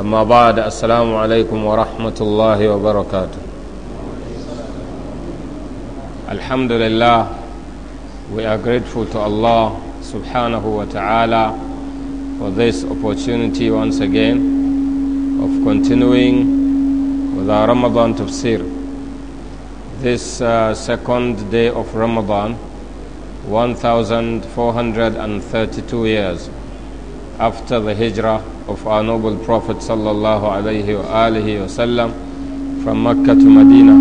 أما بعد السلام عليكم ورحمة الله وبركاته الحمد لله we are grateful to Allah subhanahu wa ta'ala for this opportunity once again of continuing with our Ramadan tafsir this uh, second day of Ramadan 1432 years after the hijrah of our noble Prophet sallallahu alaihi wasallam from Mecca to Medina.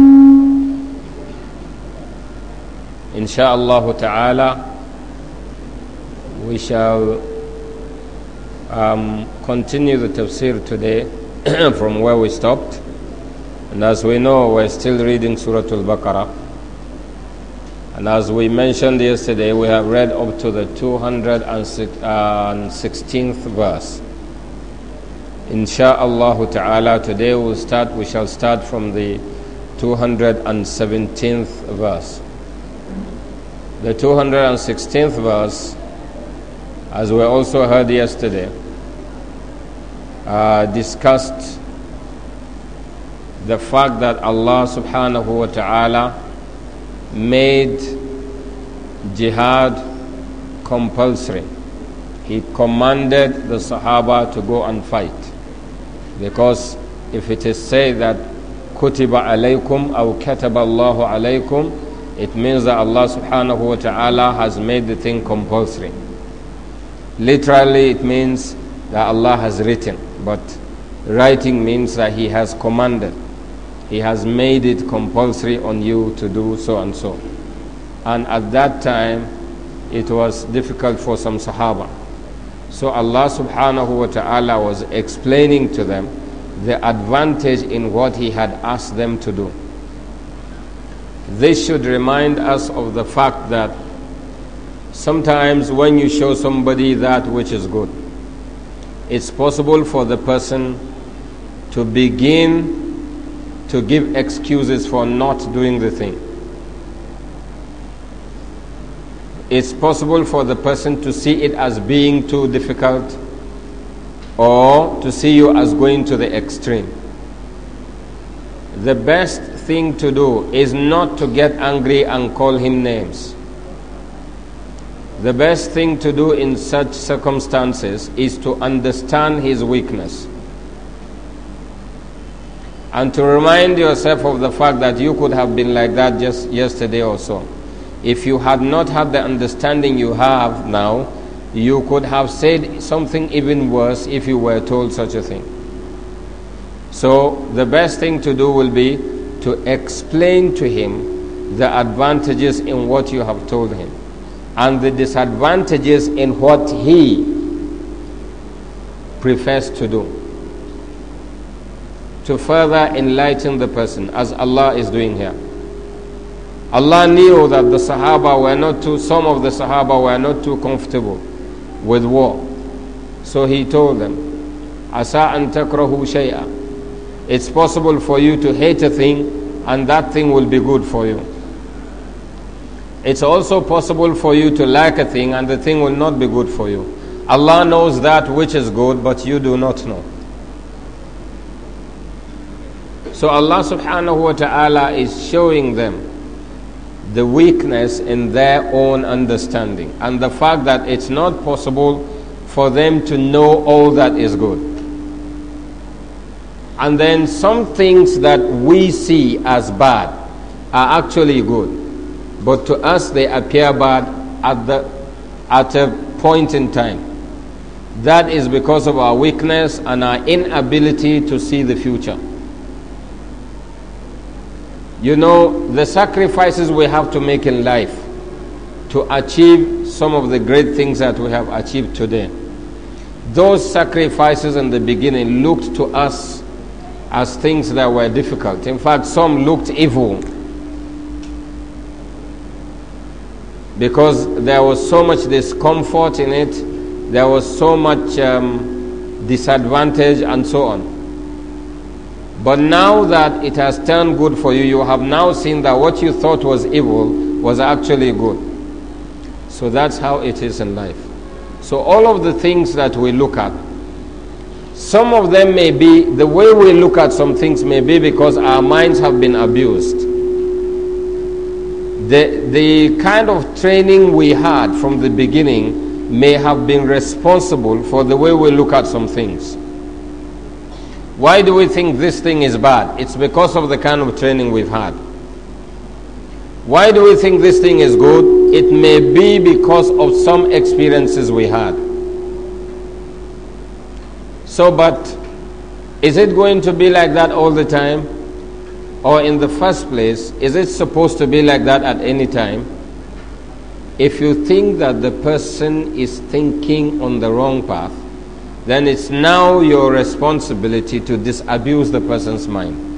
Insha'Allah ta'ala, we shall um, continue the tafsir today from where we stopped. And as we know, we're still reading Surah Al-Baqarah. And as we mentioned yesterday, we have read up to the 216th uh, verse. Insha'Allah ta'ala, today we'll start, we shall start from the 217th verse. The 216th verse, as we also heard yesterday, uh, discussed the fact that Allah subhanahu wa ta'ala made jihad compulsory. He commanded the Sahaba to go and fight. Because if it is said that kutiba alaykum aw kataba Allahu alaykum, it means that Allah subhanahu wa ta'ala has made the thing compulsory. Literally, it means that Allah has written, but writing means that He has commanded he has made it compulsory on you to do so and so. And at that time, it was difficult for some Sahaba. So Allah subhanahu wa ta'ala was explaining to them the advantage in what He had asked them to do. This should remind us of the fact that sometimes when you show somebody that which is good, it's possible for the person to begin to give excuses for not doing the thing. It's possible for the person to see it as being too difficult or to see you as going to the extreme. The best thing to do is not to get angry and call him names. The best thing to do in such circumstances is to understand his weakness and to remind yourself of the fact that you could have been like that just yesterday or so. If you had not had the understanding you have now, you could have said something even worse if you were told such a thing. So, the best thing to do will be to explain to him the advantages in what you have told him and the disadvantages in what he prefers to do to further enlighten the person, as Allah is doing here. Allah knew that the Sahaba were not too, some of the Sahaba were not too comfortable with war. So He told them, Asa an takrahu shay'a. It's possible for you to hate a thing and that thing will be good for you. It's also possible for you to like a thing and the thing will not be good for you. Allah knows that which is good, but you do not know. So Allah subhanahu wa ta'ala is showing them the weakness in their own understanding and the fact that it's not possible for them to know all that is good. And then some things that we see as bad are actually good, but to us they appear bad at, the, at a point in time. That is because of our weakness and our inability to see the future. You know, the sacrifices we have to make in life to achieve some of the great things that we have achieved today. Those sacrifices in the beginning looked to us as things that were difficult. In fact, some looked evil because there was so much discomfort in it, there was so much um, disadvantage, and so on. But now that it has turned good for you, you have now seen that what you thought was evil was actually good. So that's how it is in life. So, all of the things that we look at, some of them may be, the way we look at some things may be because our minds have been abused. The, the kind of training we had from the beginning may have been responsible for the way we look at some things. Why do we think this thing is bad? It's because of the kind of training we've had. Why do we think this thing is good? It may be because of some experiences we had. So, but is it going to be like that all the time? Or in the first place, is it supposed to be like that at any time? If you think that the person is thinking on the wrong path, then it's now your responsibility to disabuse the person's mind.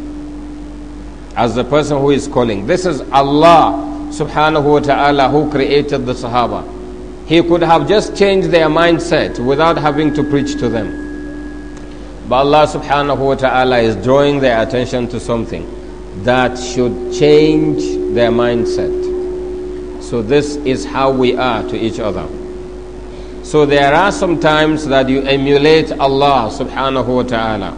As the person who is calling. This is Allah subhanahu wa ta'ala who created the Sahaba. He could have just changed their mindset without having to preach to them. But Allah subhanahu wa ta'ala is drawing their attention to something that should change their mindset. So, this is how we are to each other. So there are some times that you emulate Allah subhanahu wa ta'ala.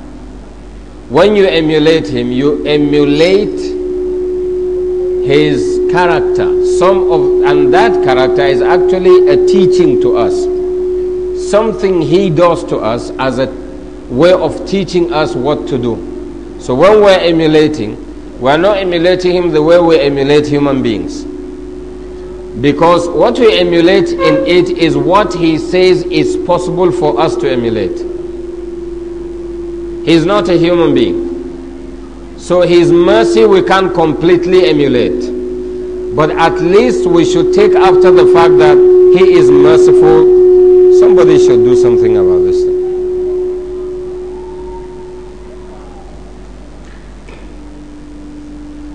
When you emulate Him, you emulate His character. Some of, and that character is actually a teaching to us. Something He does to us as a way of teaching us what to do. So when we're emulating, we're not emulating Him the way we emulate human beings. Because what we emulate in it is what he says is possible for us to emulate. He's not a human being. So his mercy we can't completely emulate. But at least we should take after the fact that he is merciful. Somebody should do something about this thing.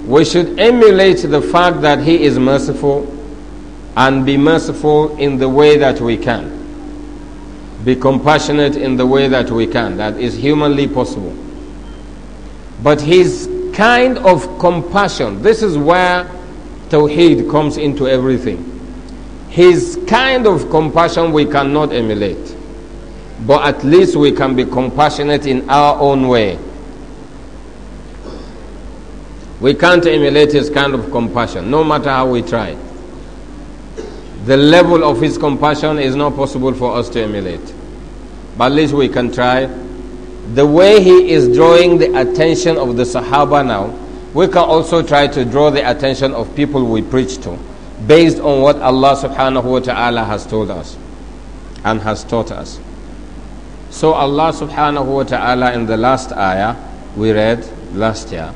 We should emulate the fact that he is merciful and be merciful in the way that we can. Be compassionate in the way that we can, that is humanly possible. But his kind of compassion, this is where Tawheed comes into everything. His kind of compassion we cannot emulate, but at least we can be compassionate in our own way. We can't emulate his kind of compassion, no matter how we try. The level of His compassion is not possible for us to emulate. But at least we can try. The way He is drawing the attention of the Sahaba now, we can also try to draw the attention of people we preach to based on what Allah subhanahu wa ta'ala has told us and has taught us. So Allah subhanahu wa ta'ala in the last ayah we read last year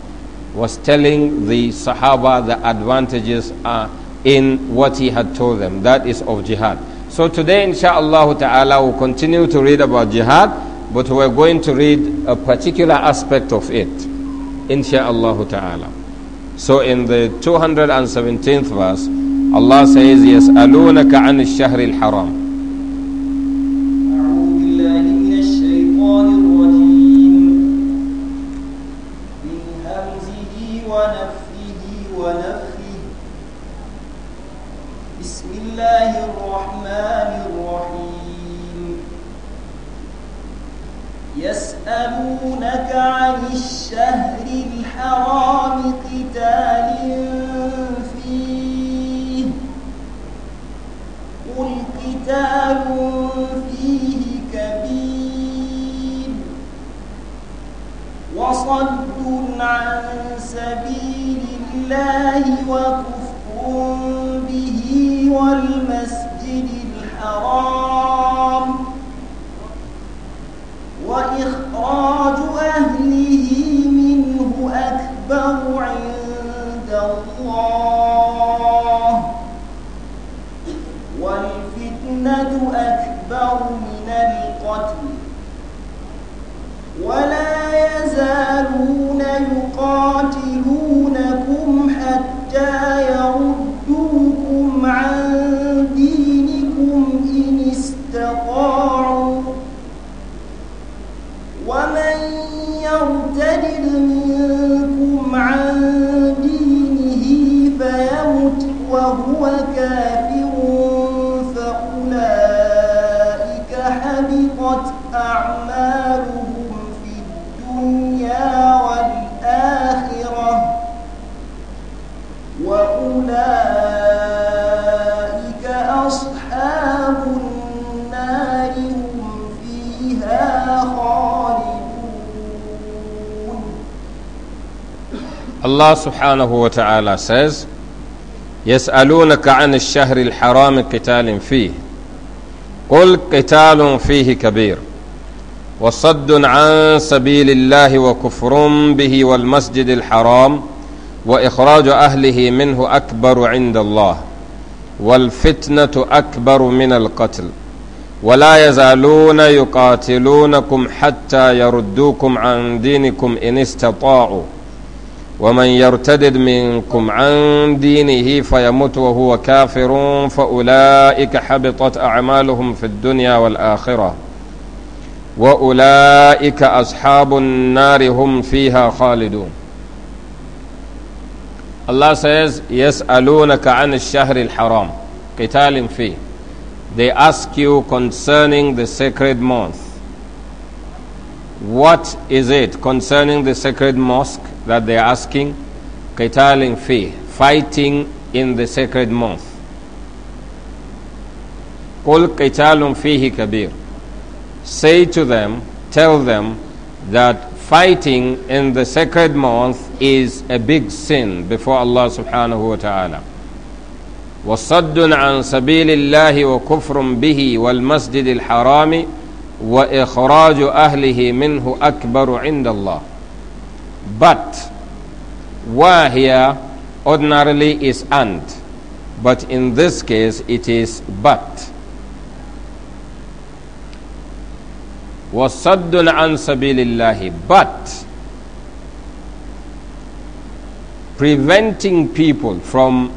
was telling the Sahaba the advantages are in what he had told them. That is of jihad. So today, insha'Allah ta'ala, we'll continue to read about jihad, but we're going to read a particular aspect of it. Insha'Allah ta'ala. So in the 217th verse, Allah says, يَسْأَلُونَكَ عَنِ الشَّهْرِ الْحَرَامِ الله سبحانه وتعالى says, يسألونك عن الشهر الحرام قتال فيه قل قتال فيه كبير وصد عن سبيل الله وكفر به والمسجد الحرام وإخراج أهله منه أكبر عند الله والفتنة أكبر من القتل ولا يزالون يقاتلونكم حتى يردوكم عن دينكم إن استطاعوا ومن يرتدد منكم عن دينه فيمت وهو كافر فأولئك حبطت أعمالهم في الدنيا والآخرة وأولئك أصحاب النار هم فيها خالدون الله says يسألونك عن الشهر الحرام قتال فيه They ask you concerning the sacred month What is it concerning the sacred mosque that they are asking? Qitaling fi, fighting in the sacred month. Qul qitalun fihi kabir. Say to them, tell them that fighting in the sacred month is a big sin before Allah subhanahu wa ta'ala. وصد عن سبيل الله وكفر به والمسجد الحرام وإخراج أهله منه أكبر عند الله but wa here ordinarily is and, but in this case it is but. Was عَن سَبِيلِ But preventing people from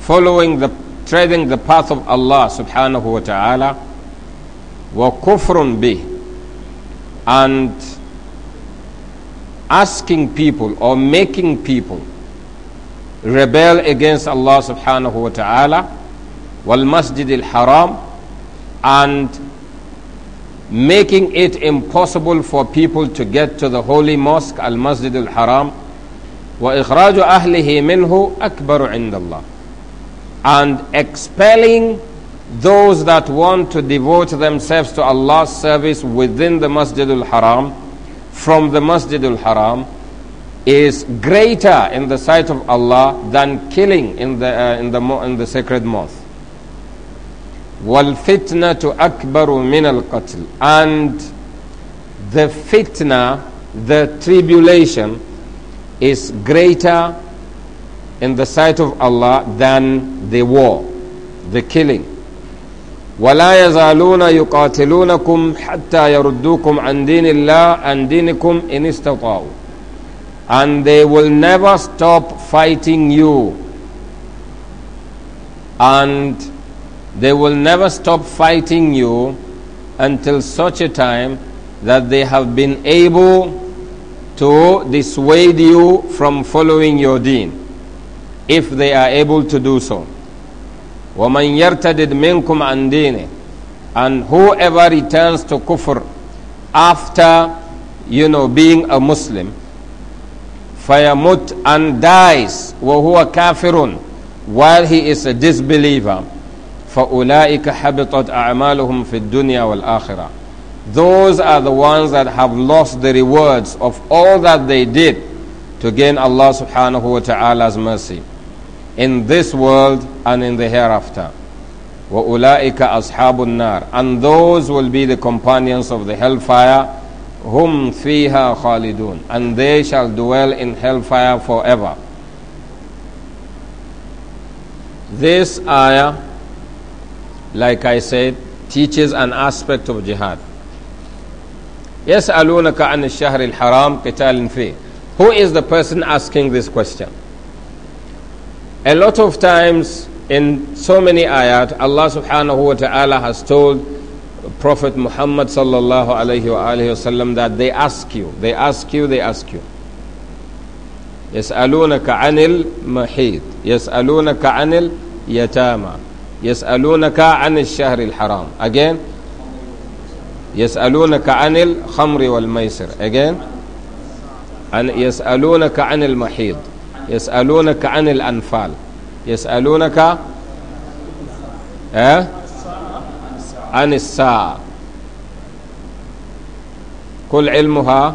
following the treading the path of Allah subhanahu wa ta'ala wa kufrun bih and asking people or making people rebel against Allah subhanahu wa ta'ala wal masjid al haram and making it impossible for people to get to the holy mosque al masjid al haram wa ikhraju ahlihi minhu akbaru indallah and expelling those that want to devote themselves to Allah's service within the masjid al haram from the Masjidul Haram is greater in the sight of Allah than killing in the, uh, in the, in the sacred mosque. وَالْفِتْنَةُ أَكْبَرُ مِنَ الْقَتْلِ And the fitna, the tribulation, is greater in the sight of Allah than the war, the killing. ولا يزالون يقاتلونكم حتى يردوكم عن دين الله عن دينكم إن استطاعوا and they will never stop fighting you and they will never stop fighting you until such a time that they have been able to dissuade you from following your deen if they are able to do so وَمَنْ يَرْتَدِدْ مِنْكُمْ عَنْ دِينِهِ And whoever returns to kufr after, you know, being a Muslim, فَيَمُتْ and dies وَهُوَ kafirun while he is a disbeliever فَأُولَٰئِكَ حَبِطَتْ أَعْمَالُهُمْ فِي الدُّنْيَا وَالْآخِرَةِ Those are the ones that have lost the rewards of all that they did to gain Allah subhanahu wa ta'ala's mercy in this world and in the hereafter. وَأُولَٰئِكَ أَصْحَابُ النَّارِ And those will be the companions of the hellfire, whom فِيهَا خَالِدُونَ And they shall dwell in hellfire forever. This ayah, like I said, teaches an aspect of jihad. يسألونك عن الشهر الحرام قتال فيه Who is the person asking this question? A lot of times in so many ayat, Allah subhanahu wa ta'ala has told Prophet Muhammad sallallahu alayhi wa alayhi wasallam that they ask you, they ask you, they ask you. يسألونك عن المحيط يسألونك عن اليتامى يسألونك عن الشهر الحرام again يسألونك عن الخمر والميسر again يسألونك عن المحيط يسألونك عن الأنفال يسألونك أه؟ عن الساعة قل علمها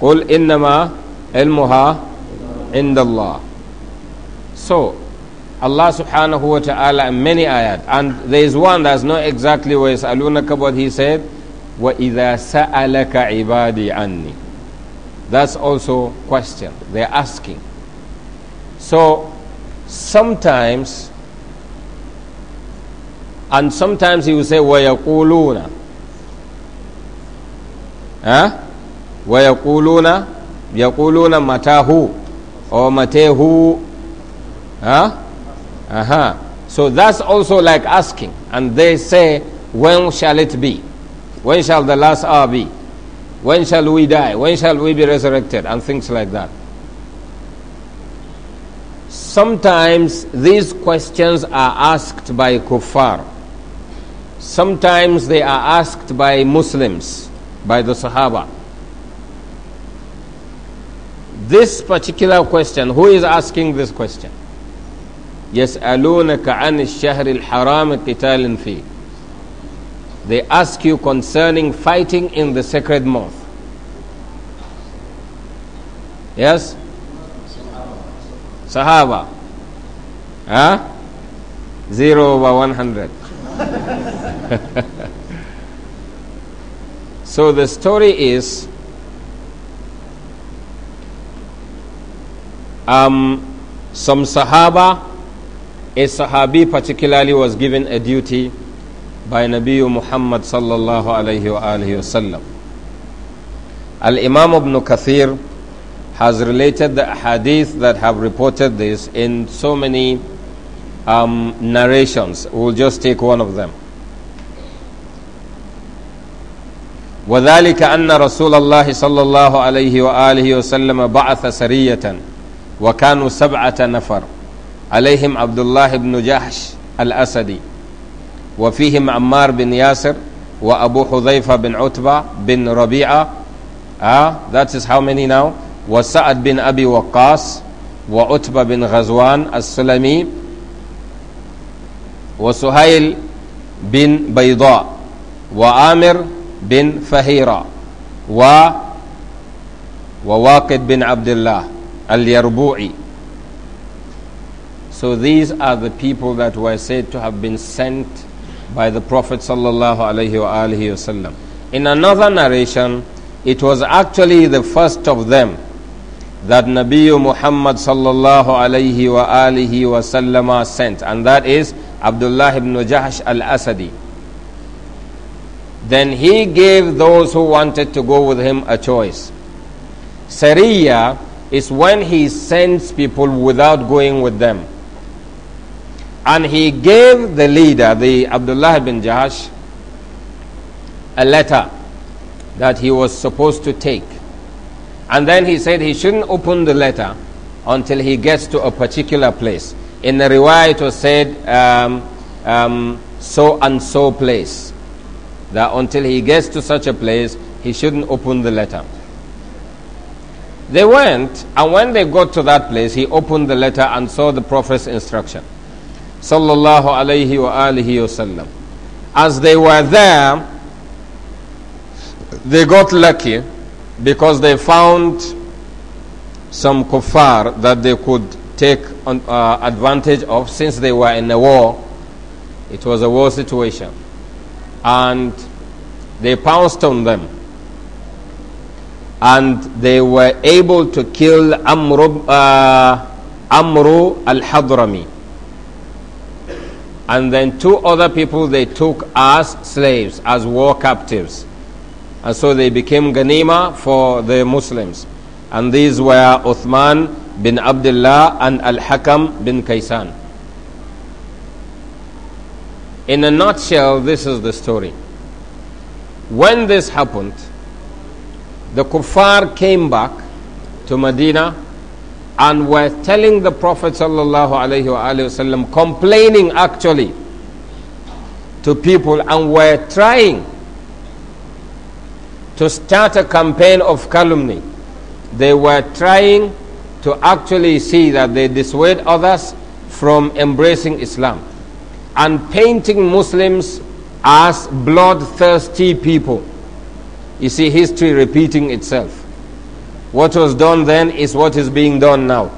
قل إنما علمها عند Allah. So, Allah subhanahu wa ta'ala in many ayat, and there is one that's not exactly where Alunaka, but he said, wa وَإِذَا sa'alaka ibadi anni That's also question. They're asking. So sometimes, and sometimes he will say, وَيَقُولُونَ huh? وَيَقُولُونَ yakuluna matahu, or matahu, huh? uh-huh. So that's also like asking. And they say, when shall it be? When shall the last hour be? When shall we die? When shall we be resurrected? And things like that. Sometimes these questions are asked by kuffar. Sometimes they are asked by Muslims, by the Sahaba. This particular question, who is asking this question? يسألونك عن الشهر الحرام قتال فيه they ask you concerning fighting in the sacred month. Yes? Sahaba. Huh? Zero over 100. so the story is um, some Sahaba, a Sahabi particularly, was given a duty by Nabi Muhammad sallallahu alayhi wa alihi wasallam. Al-Imam ibn Kathir has related the hadith that have reported this in so many um, narrations. We'll just take one of them. وذلك أن رسول الله صلى الله عليه وآله وسلم بعث سرية وكانوا سبعة نفر عليهم عبد الله بن جحش الأسدي وفيهم عمار بن ياسر وأبو حذيفة بن عتبة بن ربيعة ah, ذات از هاو many ناو وسعد بن أبي وقاص وعتبة بن غزوان السلمي وسهيل بن بيضاء وعامر بن فهيرة و وواقد بن عبد الله اليربوعي So these are the people that were said to have been sent by the Prophet sallallahu alaihi wasallam. In another narration, it was actually the first of them that Nabi Muhammad sallallahu alaihi wa wasallam sent, and that is Abdullah ibn Jahsh al-Asadi. Then he gave those who wanted to go with him a choice. Sariya is when he sends people without going with them. And he gave the leader, the Abdullah bin Jahash, a letter that he was supposed to take. And then he said he shouldn't open the letter until he gets to a particular place. In the riwayat, it was said, um, um, so and so place. That until he gets to such a place, he shouldn't open the letter. They went, and when they got to that place, he opened the letter and saw the Prophet's instruction sallallahu alayhi wa alihi wasallam. As they were there, they got lucky because they found some kuffar that they could take on, uh, advantage of since they were in a war. It was a war situation. And they pounced on them. And they were able to kill Amru, uh, Amru al Hadrami. And then two other people they took as slaves, as war captives. And so they became Ghanima for the Muslims. And these were Uthman bin Abdullah and Al Hakam bin Kaysan. In a nutshell, this is the story. When this happened, the kuffar came back to Medina and were telling the Prophet وسلم, complaining actually to people and were trying to start a campaign of calumny. They were trying to actually see that they dissuade others from embracing Islam and painting Muslims as bloodthirsty people. You see history repeating itself. What was done then is what is being done now.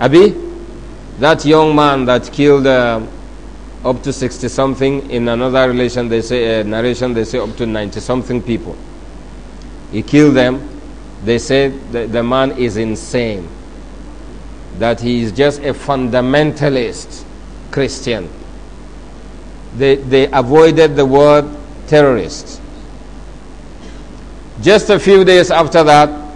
Abi, that young man that killed uh, up to 60 something, in another relation they say, uh, narration, they say up to 90 something people. He killed them. They say the man is insane, that he is just a fundamentalist Christian. They, they avoided the word terrorist. Just a few days after that,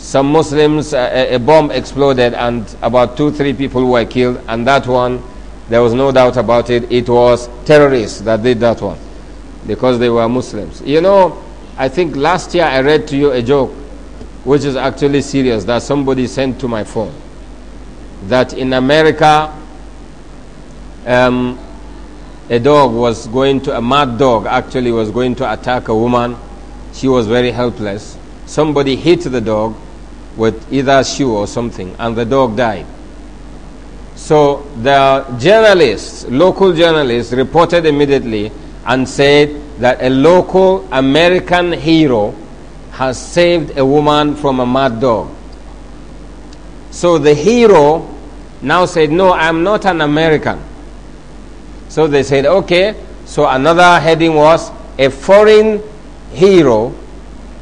some Muslims, uh, a, a, bomb exploded and about two, three people were killed. And that one, there was no doubt about it, it was terrorists that did that one because they were Muslims. You know, I think last year I read to you a joke, which is actually serious, that somebody sent to my phone. That in America, um, a dog was going to, a mad dog actually was going to attack a woman. She was very helpless. Somebody hit the dog with either shoe or something, and the dog died. So the journalists, local journalists, reported immediately and said that a local American hero has saved a woman from a mad dog. So the hero now said, No, I'm not an American. So they said, Okay. So another heading was, A foreign hero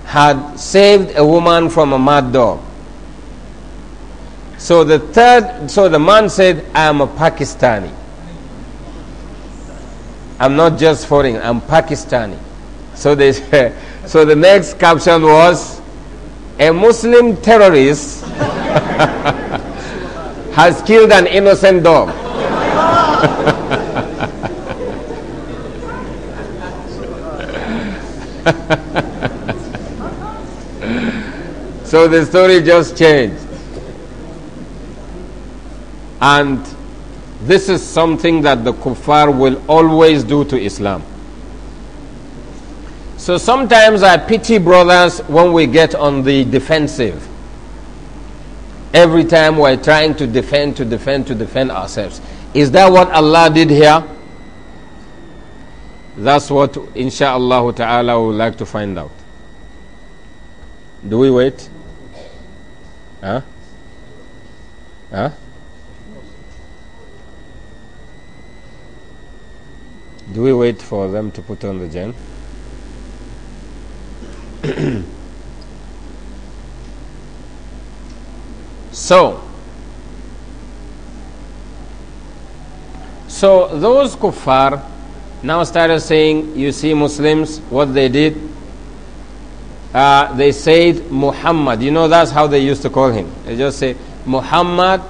had saved a woman from a mad dog. So the third, so the man said, I am a Pakistani. I'm not just foreign, I'm Pakistani. So, they, so the next caption was, a Muslim terrorist has killed an innocent dog. So the story just changed. And this is something that the kuffar will always do to Islam. So sometimes I pity brothers when we get on the defensive. Every time we're trying to defend, to defend, to defend ourselves. Is that what Allah did here? That's what, inshallah ta'ala, we would like to find out. Do we wait? Huh? Huh? Do we wait for them to put on the gen? so, so those kuffar now started saying, you see Muslims, what they did, uh, they said Muhammad. You know, that's how they used to call him. They just say Muhammad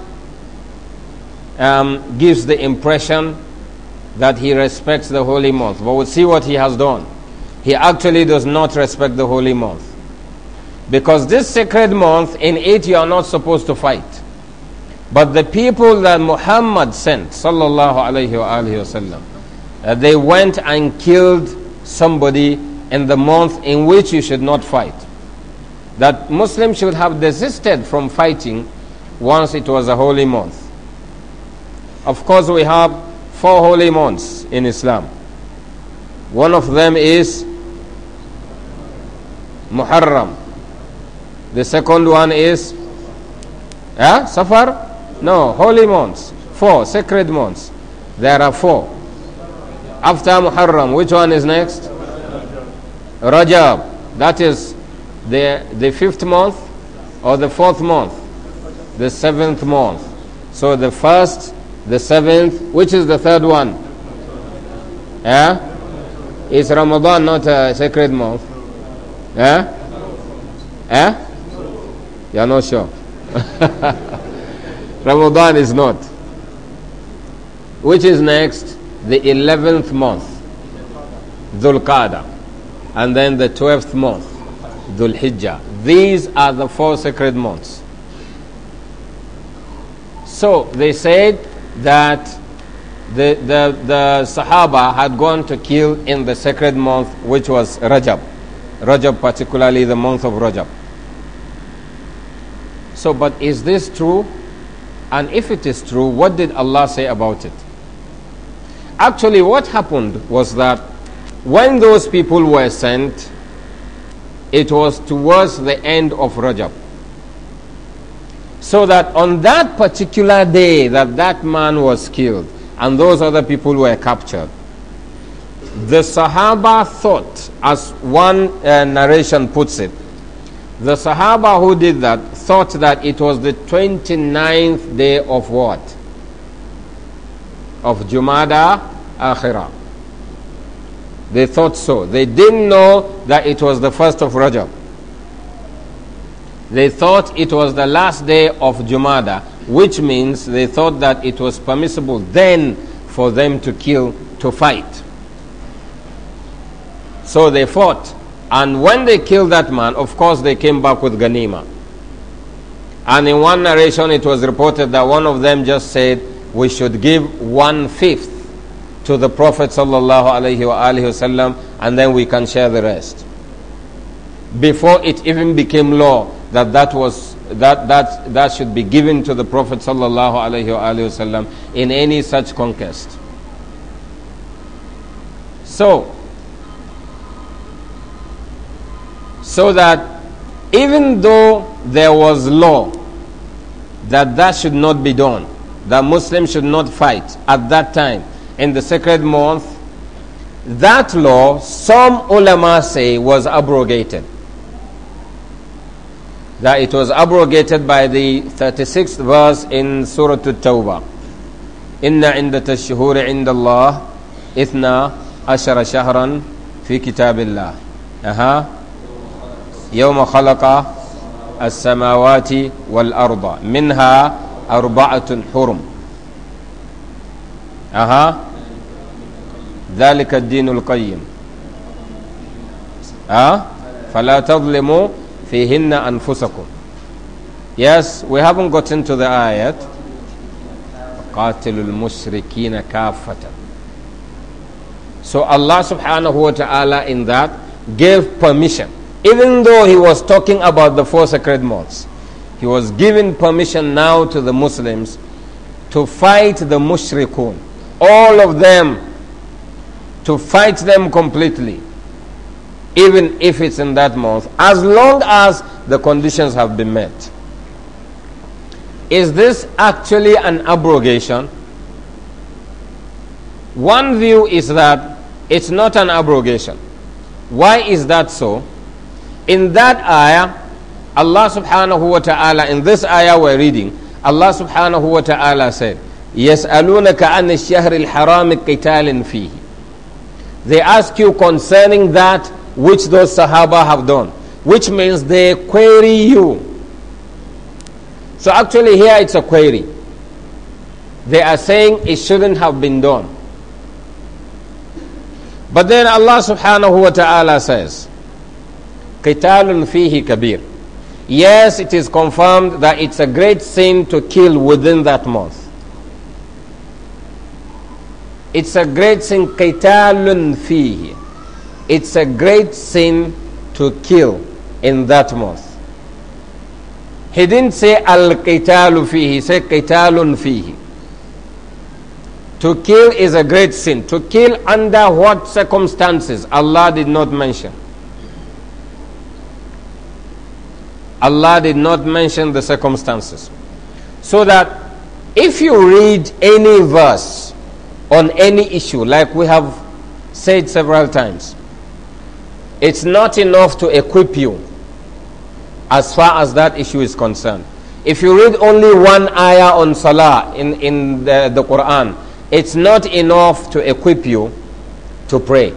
um, gives the impression that he respects the holy month. But we'll see what he has done. He actually does not respect the holy month. Because this sacred month, in it you are not supposed to fight. But the people that Muhammad sent, sallallahu alayhi wa sallam, uh, they went and killed somebody in the month in which you should not fight. That Muslims should have desisted from fighting once it was a holy month. Of course, we have four holy months in Islam. One of them is Muharram. The second one is eh? Safar? No, holy months. Four sacred months. There are four. After Muharram, which one is next? Rajab, that is the, the fifth month or the fourth month? The seventh month. So the first, the seventh, which is the third one? Yeah, Is Ramadan not a sacred month? Yeah, yeah, You are not sure. Ramadan is not. Which is next? The 11th month. Dhul Qadah and then the 12th month, Dhul Hijjah. These are the four sacred months. So they said that the, the, the Sahaba had gone to kill in the sacred month, which was Rajab. Rajab, particularly the month of Rajab. So, but is this true? And if it is true, what did Allah say about it? Actually, what happened was that when those people were sent, it was towards the end of Rajab. So that on that particular day that that man was killed and those other people were captured, the Sahaba thought, as one uh, narration puts it, the Sahaba who did that thought that it was the 29th day of what? Of Jumada Akhirah. They thought so. They didn't know that it was the first of Rajab. They thought it was the last day of Jumada, which means they thought that it was permissible then for them to kill, to fight. So they fought. And when they killed that man, of course, they came back with Ganima. And in one narration, it was reported that one of them just said, We should give one fifth to the Prophet sallallahu and then we can share the rest. Before it even became law that that was that that that should be given to the Prophet sallallahu in any such conquest. So so that even though there was law that that should not be done, that Muslims should not fight at that time, in the sacred month, that law, some ulama say, was abrogated. That it was abrogated by the 36th verse in Surah At-Tawbah. Inna indata shuhuri inda Allah ithna ashara shahran fi kitabillah. Aha. يوم خلق السماوات والأرض منها أربعة حرم أها ذلك الدين القيم أه? فلا تظلموا فيهن أنفسكم Yes, we haven't gotten to the ayat. قاتلوا المشركين كافة So Allah subhanahu wa ta'ala in that gave permission. Even though he was talking about the four sacred months, he was giving permission now to the Muslims to fight the mushrikun. All of them to fight them completely, even if it's in that month, as long as the conditions have been met. Is this actually an abrogation? One view is that it's not an abrogation. Why is that so? In that ayah, Allah subhanahu wa ta'ala, in this ayah we're reading, Allah subhanahu wa ta'ala said, يسألونك عن الشهر الحرام قتال فيه they ask you concerning that which those Sahaba have done, which means they query you. So actually, here it's a query. They are saying it shouldn't have been done. But then Allah subhanahu wa ta'ala says, "Kitālun fīhi kābir." Yes, it is confirmed that it's a great sin to kill within that month. It's a great sin, qitalun fihi. It's a great sin to kill in that month. He didn't say al-qitalu fihi, he said qitalun fihi. To kill is a great sin. To kill under what circumstances? Allah did not mention. Allah did not mention the circumstances. So that if you read any verse on any issue, like we have said several times. It's not enough to equip you as far as that issue is concerned. If you read only one ayah on salah in, in the, the Quran, it's not enough to equip you to pray.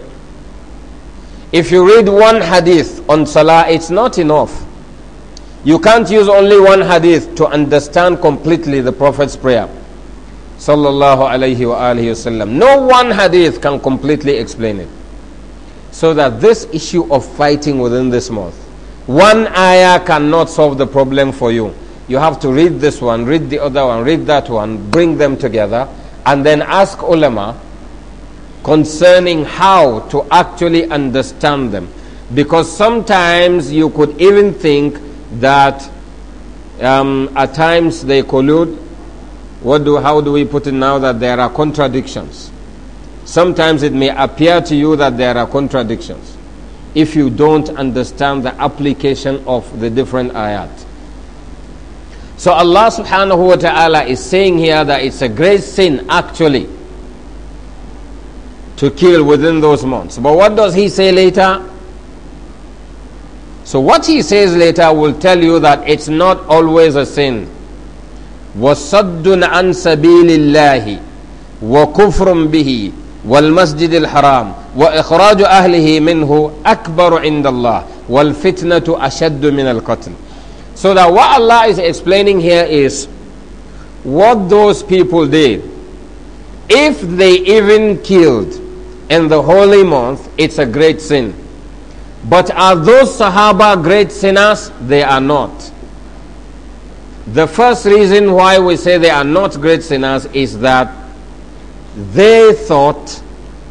If you read one hadith on salah, it's not enough. You can't use only one hadith to understand completely the Prophet's prayer sallallahu alayhi wa wasallam. No one hadith can completely explain it. So that this issue of fighting within this month, one ayah cannot solve the problem for you. You have to read this one, read the other one, read that one, bring them together, and then ask ulama concerning how to actually understand them. Because sometimes you could even think that um, at times they collude, what do, how do we put it now that there are contradictions? Sometimes it may appear to you that there are contradictions if you don't understand the application of the different ayat. So Allah subhanahu wa ta'ala is saying here that it's a great sin actually to kill within those months. But what does he say later? So what he says later will tell you that it's not always a sin. وصد عن سبيل الله وكفر به والمسجد الحرام وإخراج أهله منه أكبر عند الله والفتنة أشد من القتل So that what Allah is explaining here is what those people did. If they even killed in the holy month, it's a great sin. But are those Sahaba great sinners? They are not. The first reason why we say they are not great sinners is that they thought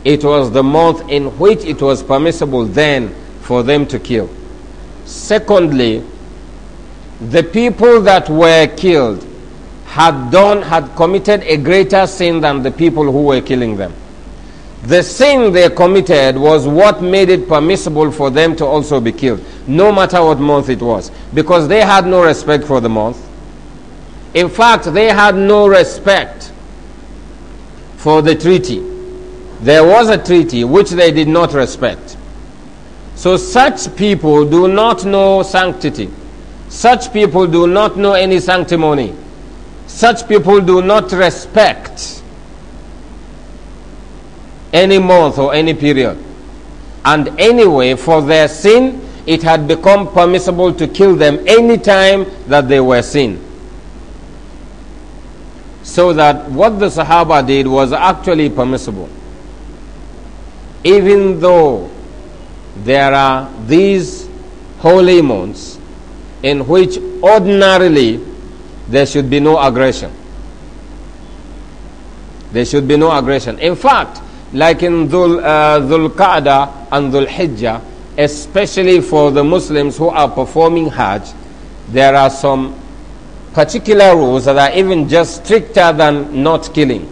it was the month in which it was permissible then for them to kill. Secondly, the people that were killed had done had committed a greater sin than the people who were killing them. The sin they committed was what made it permissible for them to also be killed, no matter what month it was, because they had no respect for the month in fact, they had no respect for the treaty. There was a treaty which they did not respect. So, such people do not know sanctity. Such people do not know any sanctimony. Such people do not respect any month or any period. And anyway, for their sin, it had become permissible to kill them any time that they were sin. So that what the Sahaba did was actually permissible. Even though there are these holy months in which ordinarily there should be no aggression. There should be no aggression. In fact, like in Dhul, uh, Dhul Qa'dah and Dhul Hijjah, especially for the Muslims who are performing Hajj, there are some particular rules that are even just stricter than not killing.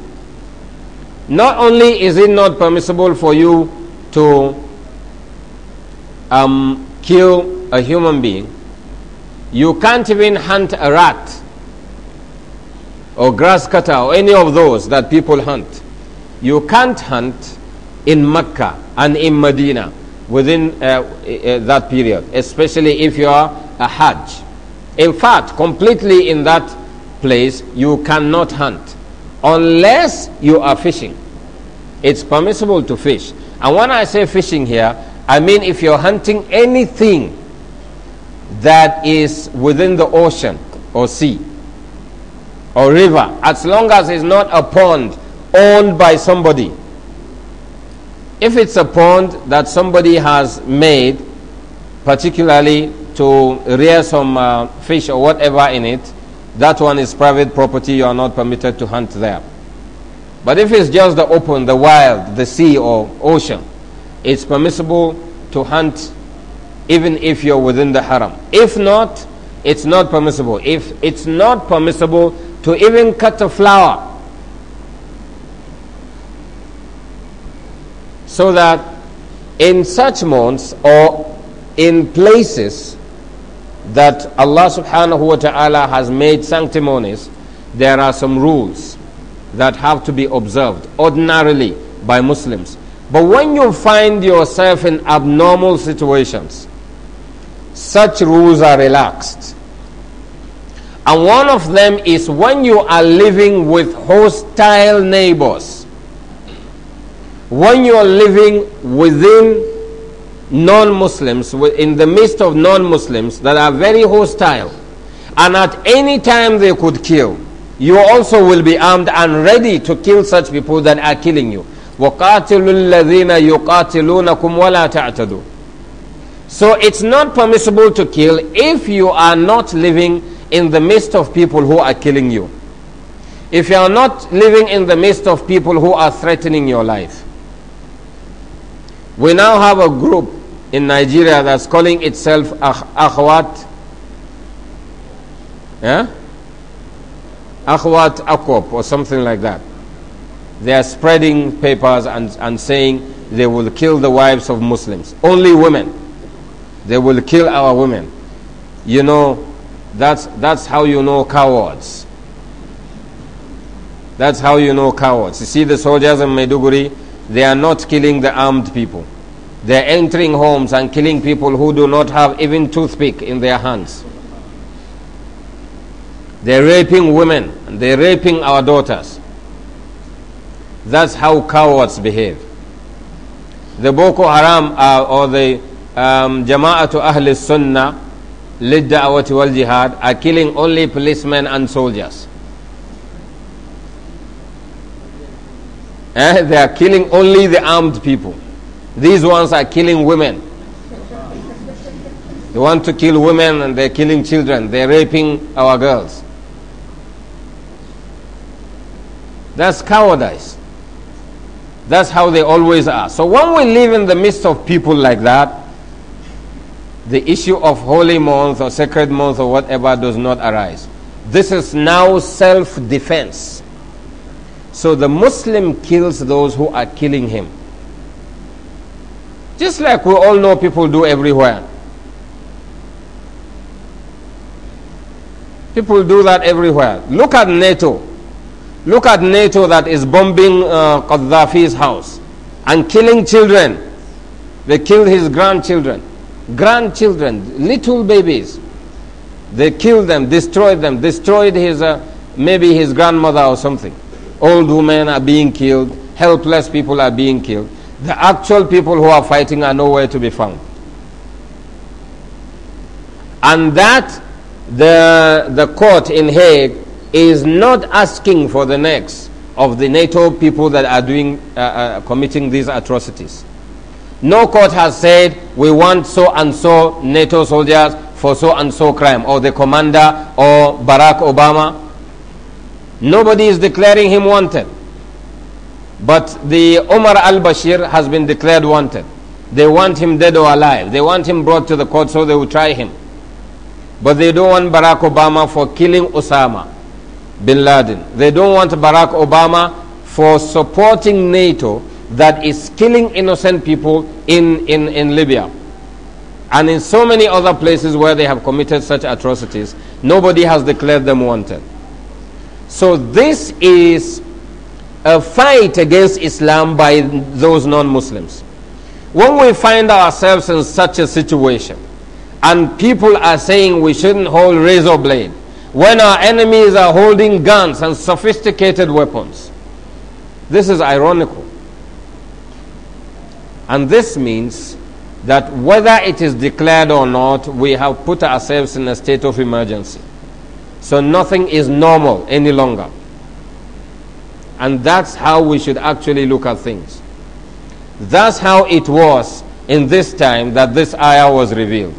Not only is it not permissible for you to um, kill a human being, you can't even hunt a rat or grass cutter or any of those that people hunt. You can't hunt in Mecca and in Medina within uh, uh, that period, especially if you are a Hajj. In fact, completely in that place, you cannot hunt unless you are fishing. It's permissible to fish. And when I say fishing here, I mean if you're hunting anything that is within the ocean or sea or river, as long as it's not a pond owned by somebody. If it's a pond that somebody has made, particularly to rear some uh, fish or whatever in it, that one is private property. You are not permitted to hunt there. But if it's just the open, the wild, the sea or ocean, it's permissible to hunt even if you're within the haram. If not, it's not permissible. If it's not permissible to even cut a flower so that in such months or in places that Allah subhanahu wa ta'ala has made sanctimonies, there are some rules that have to be observed ordinarily by Muslims. But when you find yourself in abnormal situations, such rules are relaxed. And one of them is when you are living with hostile neighbors, when you are living within non Muslims, in the midst of non Muslims that are very hostile, and at any time they could kill, you also will be armed and ready to kill such people that are killing you. وقاتلوا الذين يقاتلونكم ولا تعتدوا So it's not permissible to kill if you are not living in the midst of people who are killing you. If you are not living in the midst of people who are threatening your life. We now have a group in Nigeria that's calling itself Akhwat. Yeah? Akhwat Akop or something like that. They are spreading papers and, and saying they will kill the wives of Muslims. Only women. They will kill our women. You know, that's, that's how you know cowards. That's how you know cowards. You see the soldiers in Maiduguri, they are not killing the armed people they're entering homes and killing people who do not have even toothpick in their hands. They're raping women. They're raping our daughters. That's how cowards behave. The Boko Haram uh, or the um, Jama'atu Ahl Sunnah, Lid Da'awati wal Jihad, are killing only policemen and soldiers. Eh? They are killing only the armed people. These ones are killing women. They want to kill women and they're killing children. They're raping our girls. That's cowardice. That's how they always are. So when we live in the midst of people like that, the issue of holy month or sacred month or whatever does not arise. This is now self defense. So the Muslim kills those who are killing him. Just like we all know people do everywhere. People do that everywhere. Look at NATO. Look at NATO that is bombing uh, house and killing children. They killed his grandchildren. Grandchildren, little babies. They killed them, destroyed them, destroyed his, uh, maybe his grandmother or something. Old women are being killed, helpless people are being killed. The actual people who are fighting are nowhere to be found. And that the, the court in Hague is not asking for the necks of the NATO people that are doing, uh, uh, committing these atrocities. No court has said we want so and so NATO soldiers for so and so crime, or the commander, or Barack Obama. Nobody is declaring him wanted. But the Omar al-Bashir has been declared wanted. They want him dead or alive. They want him brought to the court so they will try him. But they don't want Barack Obama for killing Osama bin Laden. They don't want Barack Obama for supporting NATO that is killing innocent people in, in, in Libya and in so many other places where they have committed such atrocities. Nobody has declared them wanted. So this is a fight against Islam by those non Muslims. When we find ourselves in such a situation and people are saying we shouldn't hold razor blade, when our enemies are holding guns and sophisticated weapons, this is ironical. And this means that whether it is declared or not, we have put ourselves in a state of emergency. So nothing is normal any longer. And that's how we should actually look at things. That's how it was in this time that this ayah was revealed.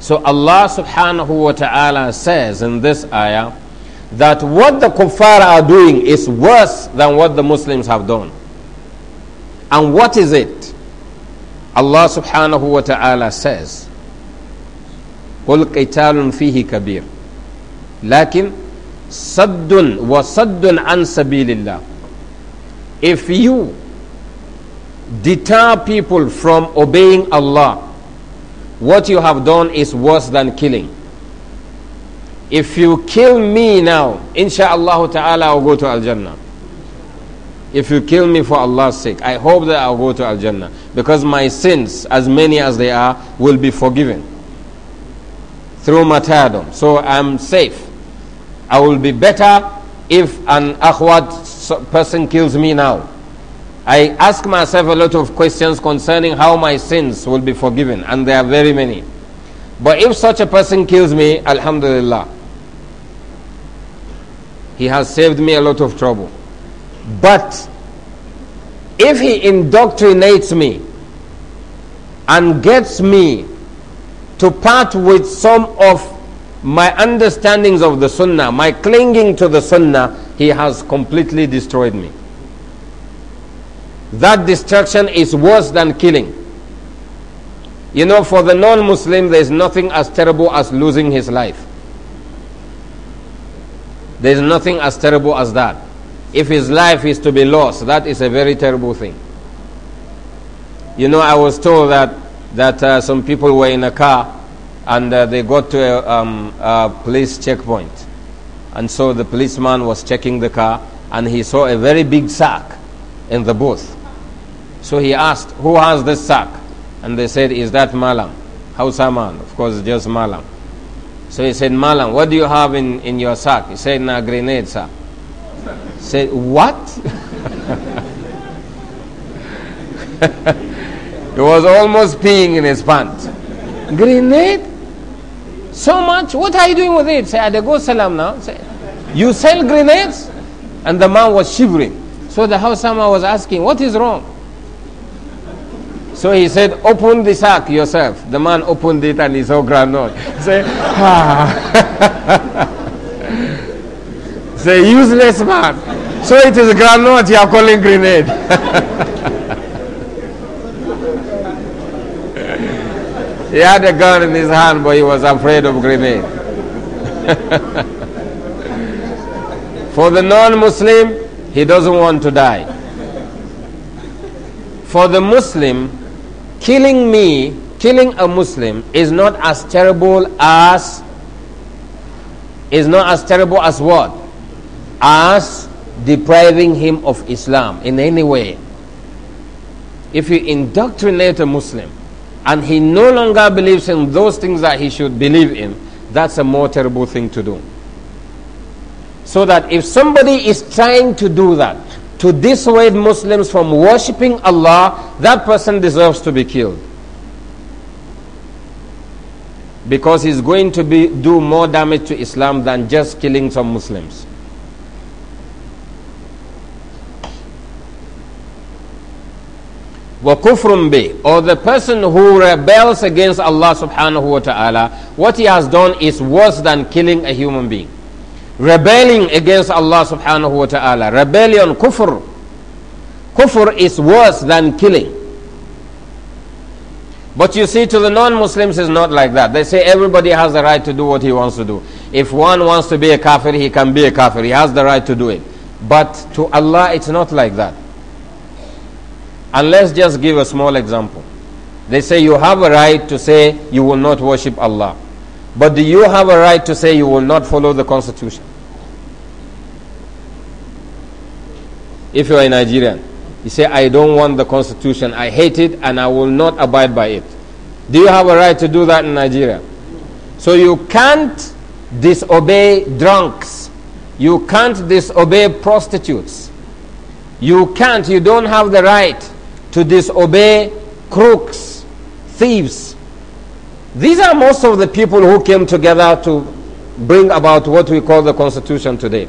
So Allah subhanahu wa ta'ala says in this ayah that what the kuffar are doing is worse than what the Muslims have done. And what is it? Allah subhanahu wa ta'ala says, قل قتال فيه كبير لكن Saddun was saddun an sabilillah. If you deter people from obeying Allah, what you have done is worse than killing. If you kill me now, insha'Allah ta'ala, I'll go to Al Jannah. If you kill me for Allah's sake, I hope that I'll go to Al Jannah because my sins, as many as they are, will be forgiven through martyrdom. So I'm safe. I will be better if an akhwat person kills me now. I ask myself a lot of questions concerning how my sins will be forgiven, and there are very many. But if such a person kills me, Alhamdulillah, he has saved me a lot of trouble. But if he indoctrinates me and gets me to part with some of my understandings of the sunnah, my clinging to the sunnah, he has completely destroyed me. That destruction is worse than killing. You know, for the non Muslim, there is nothing as terrible as losing his life. There is nothing as terrible as that. If his life is to be lost, that is a very terrible thing. You know, I was told that, that uh, some people were in a car and uh, they got to a, um, a police checkpoint. And so the policeman was checking the car and he saw a very big sack in the booth. So he asked, Who has this sack? And they said, Is that Malam? Hausa man, of course, just Malam. So he said, Malam, what do you have in, in your sack? He said, Na grenade, sir. He said, What? he was almost peeing in his pants. Grenade? So much, what are you doing with it? Say, Adego Salam now. Say, you sell grenades? And the man was shivering. So the Hausama was asking, what is wrong? So he said, open the sack yourself. The man opened it and he saw granite. Say, ah. Say, useless man. So it is granite you are calling grenade. He had a gun in his hand, but he was afraid of grenade. For the non Muslim, he doesn't want to die. For the Muslim, killing me, killing a Muslim, is not as terrible as. is not as terrible as what? As depriving him of Islam in any way. If you indoctrinate a Muslim, and he no longer believes in those things that he should believe in, that's a more terrible thing to do. So that if somebody is trying to do that, to dissuade Muslims from worshipping Allah, that person deserves to be killed. Because he's going to be, do more damage to Islam than just killing some Muslims. وَكُفْرٌ بِهِ Or the person who rebels against Allah subhanahu wa ta'ala, what he has done is worse than killing a human being. Rebelling against Allah subhanahu wa ta'ala. Rebellion, kufr. Kufr is worse than killing. But you see, to the non Muslims, it's not like that. They say everybody has the right to do what he wants to do. If one wants to be a kafir, he can be a kafir. He has the right to do it. But to Allah, it's not like that. And let's just give a small example. They say you have a right to say you will not worship Allah. But do you have a right to say you will not follow the constitution? If you are a Nigerian, you say, I don't want the constitution, I hate it, and I will not abide by it. Do you have a right to do that in Nigeria? So you can't disobey drunks, you can't disobey prostitutes, you can't, you don't have the right to disobey crooks, thieves. These are most of the people who came together to bring about what we call the Constitution today.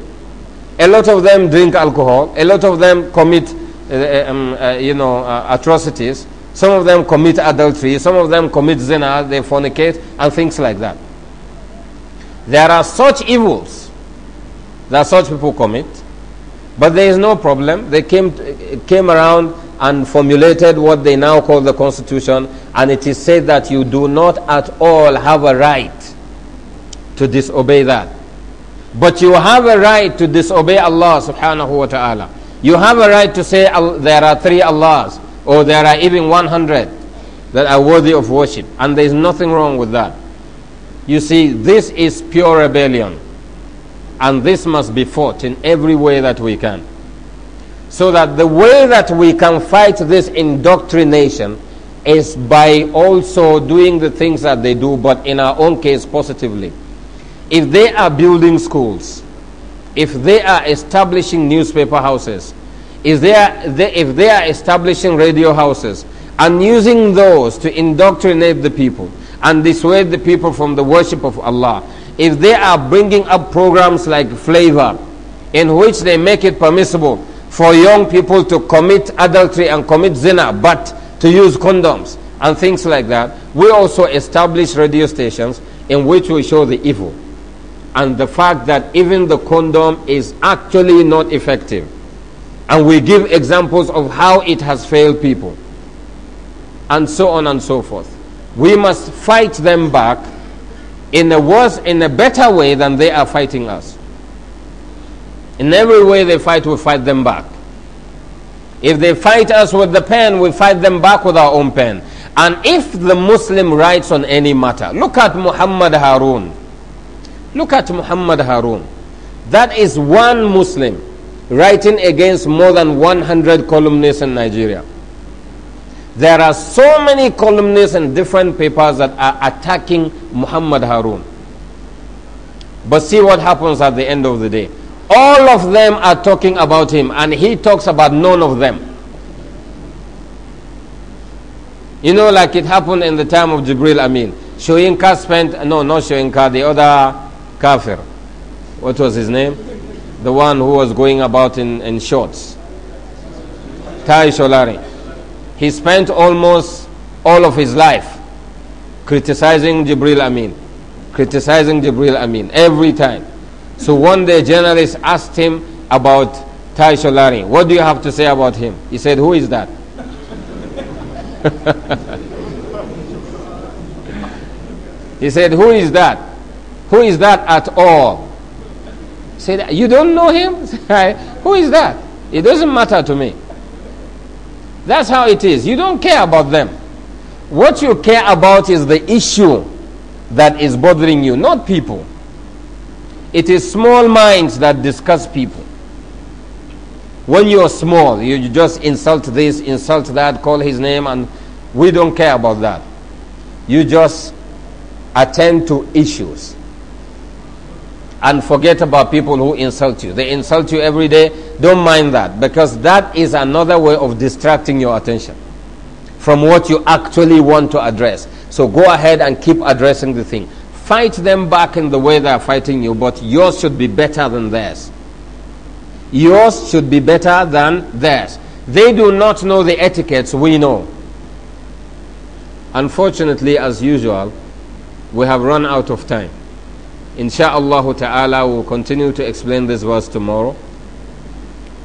A lot of them drink alcohol, a lot of them commit, uh, uh, um, uh, you know, uh, atrocities. Some of them commit adultery, some of them commit zina, they fornicate, and things like that. There are such evils that such people commit, but there is no problem. They came, uh, came around and formulated what they now call the Constitution, and it is said that you do not at all have a right to disobey that. But you have a right to disobey Allah subhanahu wa ta'ala. You have a right to say there are three Allahs, or there are even 100 that are worthy of worship, and there is nothing wrong with that. You see, this is pure rebellion, and this must be fought in every way that we can. So that the way that we can fight this indoctrination is by also doing the things that they do, but in our own case, positively. If they are building schools, if they are establishing newspaper houses, if they are, they, if they are establishing radio houses, and using those to indoctrinate the people and dissuade the people from the worship of Allah, if they are bringing up programs like Flavor, in which they make it permissible for young people to commit adultery and commit zina, but to use condoms and things like that. We also establish radio stations in which we show the evil and the fact that even the condom is actually not effective. And we give examples of how it has failed people. And so on and so forth. We must fight them back in a worse, in a better way than they are fighting us. In every way they fight, we fight them back. If they fight us with the pen, we fight them back with our own pen. And if the Muslim writes on any matter, look at Muhammad Harun. Look at Muhammad Harun. That is one Muslim writing against more than 100 columnists in Nigeria. There are so many columnists and different papers that are attacking Muhammad Harun. But see what happens at the end of the day. All of them are talking about him, and he talks about none of them. You know, like it happened in the time of Jibril Amin. Shoinka spent, no, not Shoinka, the other kafir. What was his name? The one who was going about in, in shorts. Tai Sholari. He spent almost all of his life criticizing Jibril Amin, criticizing Jibril Amin every time. So one day a journalist asked him about Tai Sholari. What do you have to say about him? He said, Who is that? he said, Who is that? Who is that at all? He said, You don't know him? Who is that? It doesn't matter to me. That's how it is. You don't care about them. What you care about is the issue that is bothering you, not people. It is small minds that discuss people. When you are small, you just insult this, insult that, call his name, and we don't care about that. You just attend to issues and forget about people who insult you. They insult you every day. Don't mind that because that is another way of distracting your attention from what you actually want to address. So go ahead and keep addressing the thing. Fight them back in the way they are fighting you, but yours should be better than theirs. Yours should be better than theirs. They do not know the etiquettes we know. Unfortunately, as usual, we have run out of time. Insha'Allah ta'ala, we'll continue to explain this verse tomorrow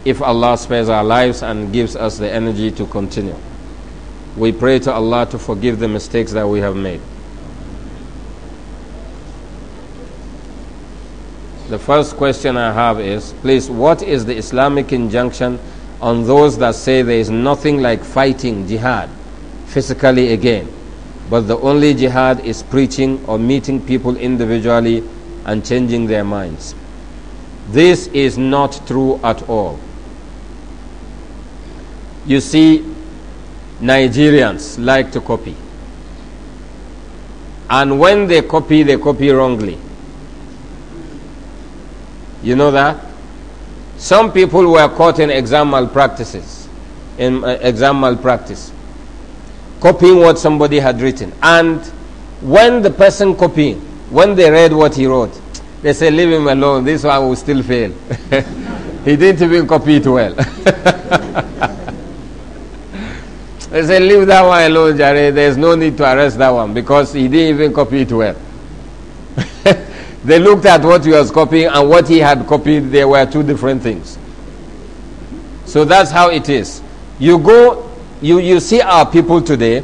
if Allah spares our lives and gives us the energy to continue. We pray to Allah to forgive the mistakes that we have made. The first question I have is please, what is the Islamic injunction on those that say there is nothing like fighting jihad physically again, but the only jihad is preaching or meeting people individually and changing their minds? This is not true at all. You see, Nigerians like to copy. And when they copy, they copy wrongly. You know that? Some people were caught in exam malpractices, in uh, exam malpractice, copying what somebody had written. And when the person copying, when they read what he wrote, they say, Leave him alone, this one will still fail. he didn't even copy it well. they say, Leave that one alone, Jared, there's no need to arrest that one because he didn't even copy it well. They looked at what he was copying and what he had copied, they were two different things. So that's how it is. You go, you, you see our people today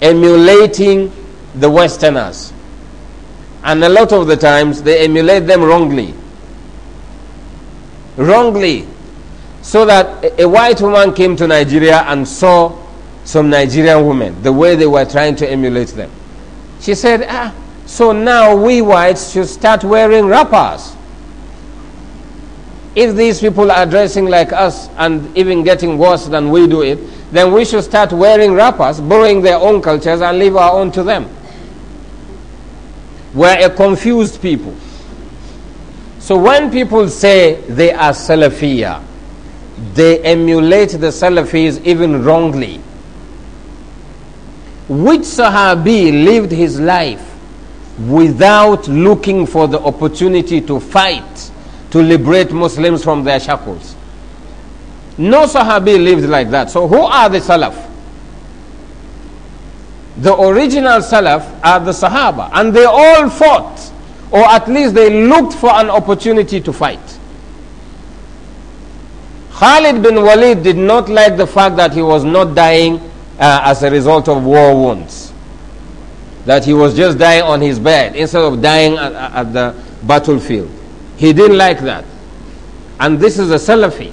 emulating the Westerners. And a lot of the times they emulate them wrongly. Wrongly. So that a white woman came to Nigeria and saw some Nigerian women, the way they were trying to emulate them. She said, Ah, so now we whites should start wearing wrappers. If these people are dressing like us and even getting worse than we do it, then we should start wearing wrappers, borrowing their own cultures and leave our own to them. We're a confused people. So when people say they are Salafiya, they emulate the Salafis even wrongly. Which Sahabi lived his life without looking for the opportunity to fight to liberate Muslims from their shackles. No Sahabi lived like that. So, who are the Salaf? The original Salaf are the Sahaba, and they all fought, or at least they looked for an opportunity to fight. Khalid bin Walid did not like the fact that he was not dying uh, as a result of war wounds that he was just dying on his bed instead of dying at, at the battlefield. He didn't like that. And this is a Salafi.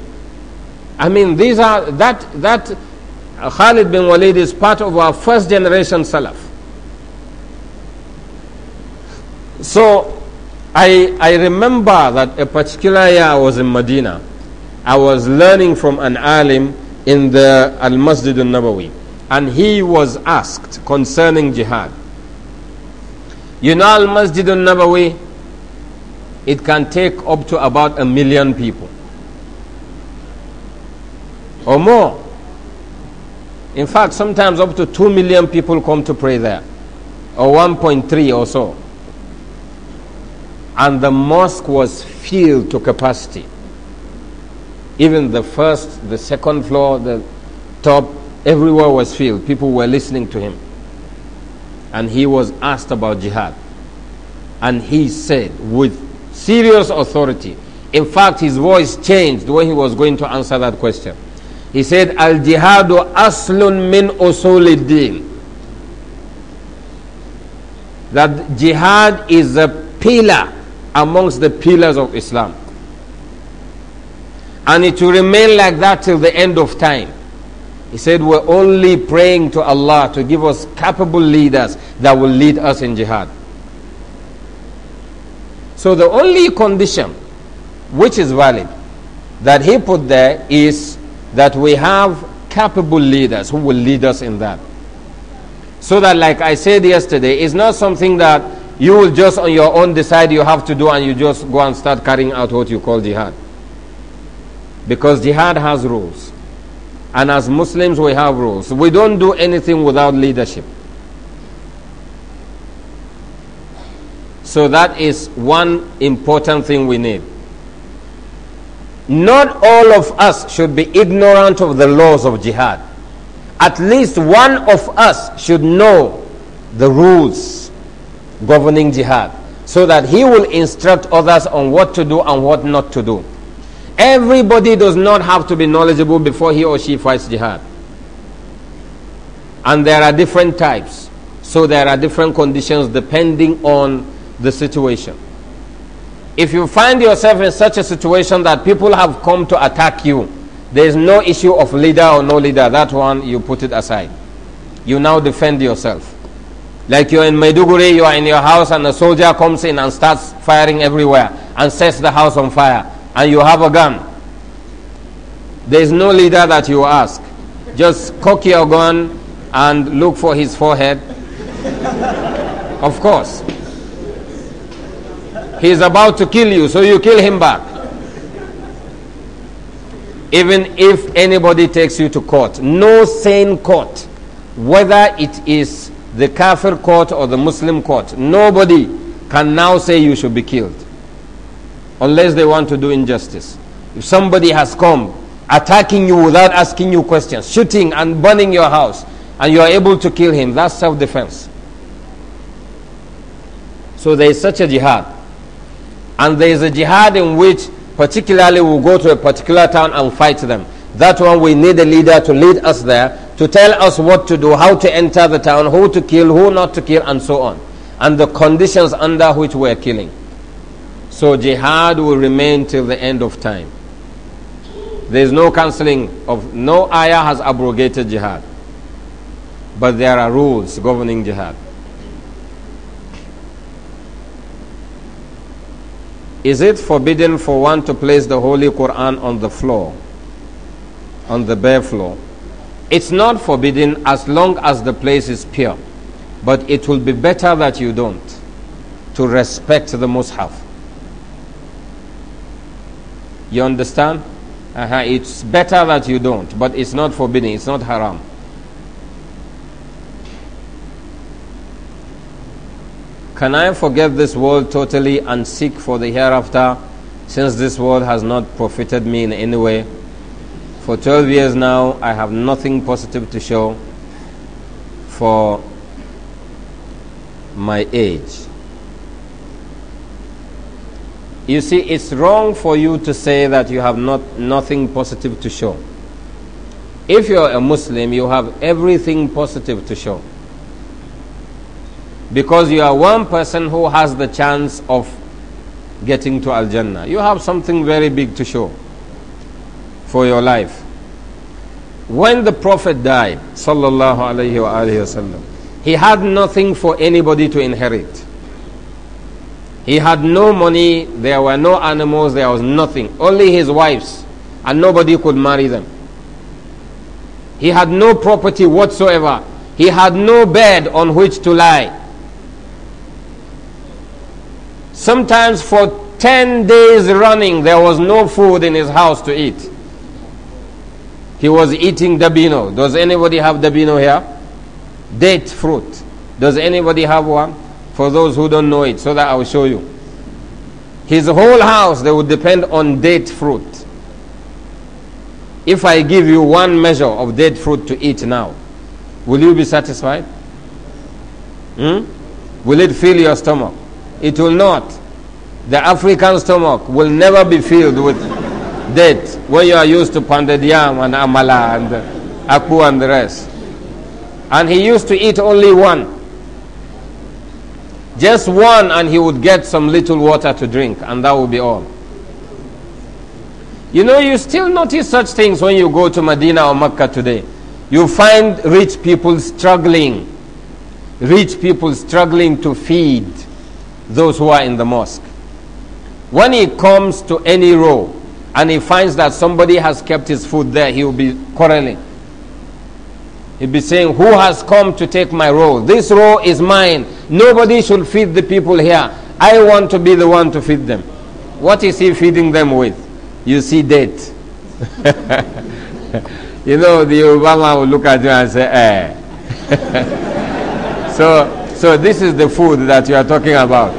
I mean, these are that that uh, Khalid bin Walid is part of our first generation Salaf. So I I remember that a particular year I was in Medina. I was learning from an alim in the Al Masjid al Nabawi, and he was asked concerning jihad. You know Al Masjid al Nabawi, it can take up to about a million people or more. In fact, sometimes up to 2 million people come to pray there, or 1.3 or so. And the mosque was filled to capacity. Even the first, the second floor, the top, everywhere was filled. People were listening to him and he was asked about jihad. And he said with serious authority, in fact, his voice changed when he was going to answer that question. He said, Al jihadu aslun min usulid That jihad is a pillar amongst the pillars of Islam. And it will remain like that till the end of time. He said, We're only praying to Allah to give us capable leaders that will lead us in jihad. So the only condition which is valid that he put there is that we have capable leaders who will lead us in that. So that, like I said yesterday, it's not something that you will just on your own decide you have to do and you just go and start carrying out what you call jihad. Because jihad has rules. And as Muslims, we have rules. We don't do anything without leadership. So that is one important thing we need. Not all of us should be ignorant of the laws of jihad. At least one of us should know the rules governing jihad so that he will instruct others on what to do and what not to do. Everybody does not have to be knowledgeable before he or she fights jihad. And there are different types. So there are different conditions depending on the situation. If you find yourself in such a situation that people have come to attack you, there is no issue of leader or no leader. That one, you put it aside. You now defend yourself. Like you're in Maiduguri, you are in your house, and a soldier comes in and starts firing everywhere and sets the house on fire and you have a gun. There is no leader that you ask. Just cock your gun and look for his forehead. of course. He is about to kill you, so you kill him back. Even if anybody takes you to court, no sane court, whether it is the Kafir court or the Muslim court, nobody can now say you should be killed unless they want to do injustice. If somebody has come attacking you without asking you questions, shooting and burning your house, and you are able to kill him, that's self defense. So there is such a jihad. And there is a jihad in which, particularly, we go to a particular town and fight them. That one we need a leader to lead us there, to tell us what to do, how to enter the town, who to kill, who not to kill, and so on. And the conditions under which we are killing. So jihad will remain till the end of time. There is no cancelling of no ayah has abrogated jihad. But there are rules governing jihad. Is it forbidden for one to place the Holy Quran on the floor, on the bare floor? It's not forbidden as long as the place is pure. But it will be better that you don't, to respect the Mus'haf. You understand? Uh-huh. It's better that you don't, but it's not forbidden, it's not haram. Can I forget this world totally and seek for the hereafter, since this world has not profited me in any way? For 12 years now, I have nothing positive to show for my age. You see, it's wrong for you to say that you have not, nothing positive to show. If you're a Muslim, you have everything positive to show. Because you are one person who has the chance of getting to Al Jannah. You have something very big to show for your life. When the Prophet died, sallallahu alaihi wasallam, he had nothing for anybody to inherit. He had no money, there were no animals, there was nothing. Only his wives, and nobody could marry them. He had no property whatsoever. He had no bed on which to lie. Sometimes for 10 days running, there was no food in his house to eat. He was eating dabino. Does anybody have dabino here? Date fruit. Does anybody have one? for those who don't know it, so that I'll show you. His whole house, they would depend on date fruit. If I give you one measure of date fruit to eat now, will you be satisfied? Hmm? Will it fill your stomach? It will not. The African stomach will never be filled with date when you are used to pounded yam and amala and akpu and the rest. And he used to eat only one. Just one, and he would get some little water to drink, and that would be all. You know, you still notice such things when you go to Medina or Mecca today. You find rich people struggling, rich people struggling to feed those who are in the mosque. When he comes to any row and he finds that somebody has kept his food there, he will be quarreling. He'd be saying, Who has come to take my role? This role is mine. Nobody should feed the people here. I want to be the one to feed them. What is he feeding them with? You see, date. you know, the Obama will look at you and say, eh. so, so this is the food that you are talking about.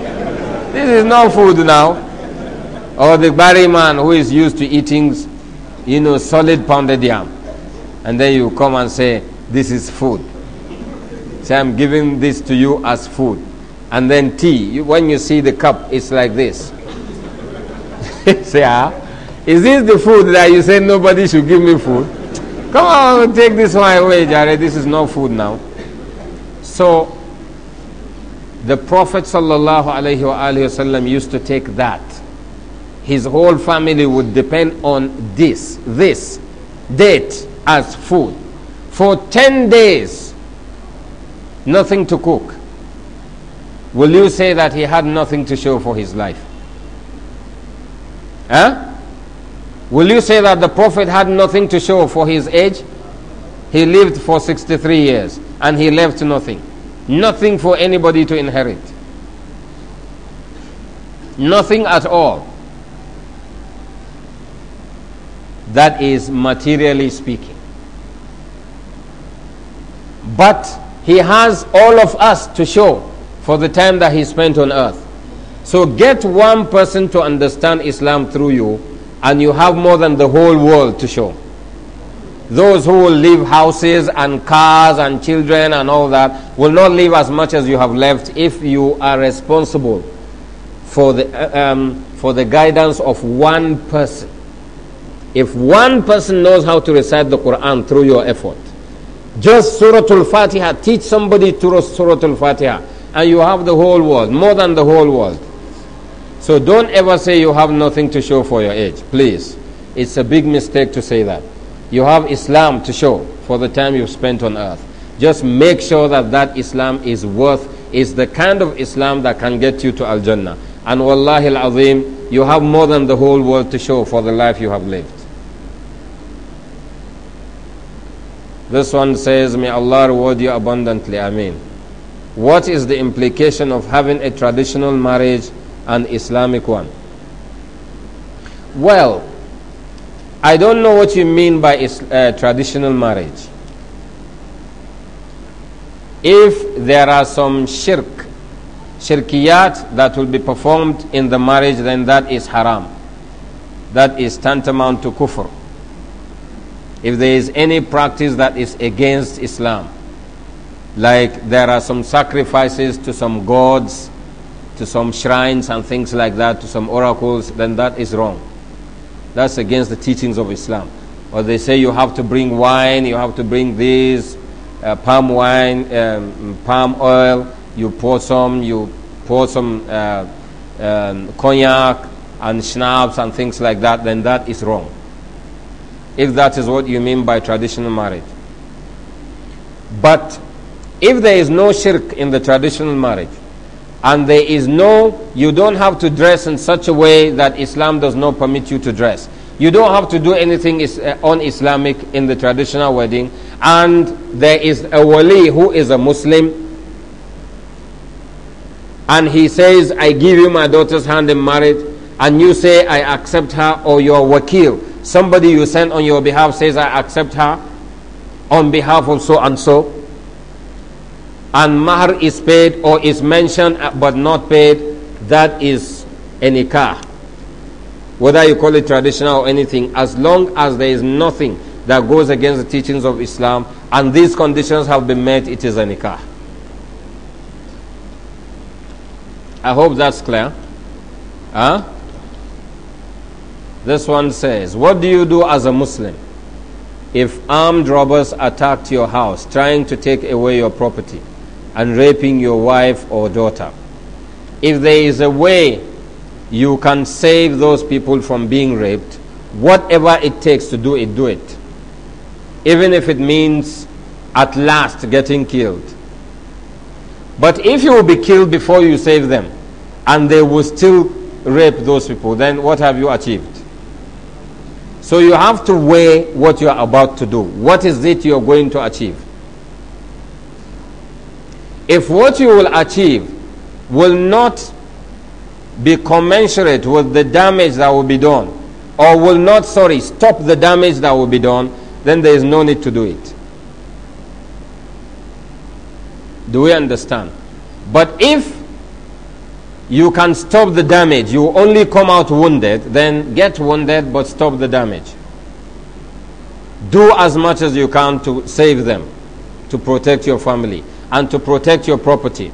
This is no food now. Or the Barry man who is used to eating, you know, solid pounded yam. And then you come and say, this is food. Say, I'm giving this to you as food. And then tea, you, when you see the cup, it's like this. say, ah, is this the food that you say nobody should give me food? Come on, take this one away, Jared. This is no food now. So, the Prophet wasallam used to take that. His whole family would depend on this, this date as food for 10 days, nothing to cook, will you say that he had nothing to show for his life? Huh? Will you say that the Prophet had nothing to show for his age? He lived for 63 years and he left nothing. Nothing for anybody to inherit. Nothing at all. That is materially speaking. But he has all of us to show for the time that he spent on earth. So get one person to understand Islam through you, and you have more than the whole world to show. Those who will leave houses and cars and children and all that will not leave as much as you have left if you are responsible for the, um, for the guidance of one person. If one person knows how to recite the Quran through your effort, just Surah Fatiha. Teach somebody to Surah Al Fatiha, and you have the whole world, more than the whole world. So don't ever say you have nothing to show for your age, please. It's a big mistake to say that. You have Islam to show for the time you've spent on earth. Just make sure that that Islam is worth, is the kind of Islam that can get you to Al Jannah. And wallahi al azim, you have more than the whole world to show for the life you have lived. This one says, May Allah reward you abundantly. Ameen. What is the implication of having a traditional marriage and Islamic one? Well, I don't know what you mean by uh, traditional marriage. If there are some shirk, shirkiyat that will be performed in the marriage, then that is haram. That is tantamount to kufr if there is any practice that is against Islam. Like there are some sacrifices to some gods, to some shrines and things like that, to some oracles, then that is wrong. That's against the teachings of Islam. Or they say you have to bring wine, you have to bring this, uh, palm wine, um, palm oil, you pour some, you pour some uh, um, cognac and schnapps and things like that, then that is wrong if that is what you mean by traditional marriage. But if there is no shirk in the traditional marriage, and there is no, you don't have to dress in such a way that Islam does not permit you to dress. You don't have to do anything is, uh, un-Islamic in the traditional wedding. And there is a wali who is a Muslim. And he says, I give you my daughter's hand in marriage. And you say, I accept her, or your wakil Somebody you send on your behalf says, I accept her on behalf of so and so. And mahr is paid or is mentioned uh, but not paid. That is a nikah. Whether you call it traditional or anything, as long as there is nothing that goes against the teachings of Islam and these conditions have been met, it is a nikah. I hope that's clear. Huh? This one says, What do you do as a Muslim if armed robbers attacked your house, trying to take away your property and raping your wife or daughter? If there is a way you can save those people from being raped, whatever it takes to do it, do it. Even if it means at last getting killed. But if you will be killed before you save them, and they will still rape those people, then what have you achieved? So you have to weigh what you are about to do. What is it you are going to achieve? If what you will achieve will not be commensurate with the damage that will be done, or will not, sorry, stop the damage that will be done, then there is no need to do it. Do we understand? But if you can stop the damage. You only come out wounded, then get wounded but stop the damage. Do as much as you can to save them, to protect your family, and to protect your property.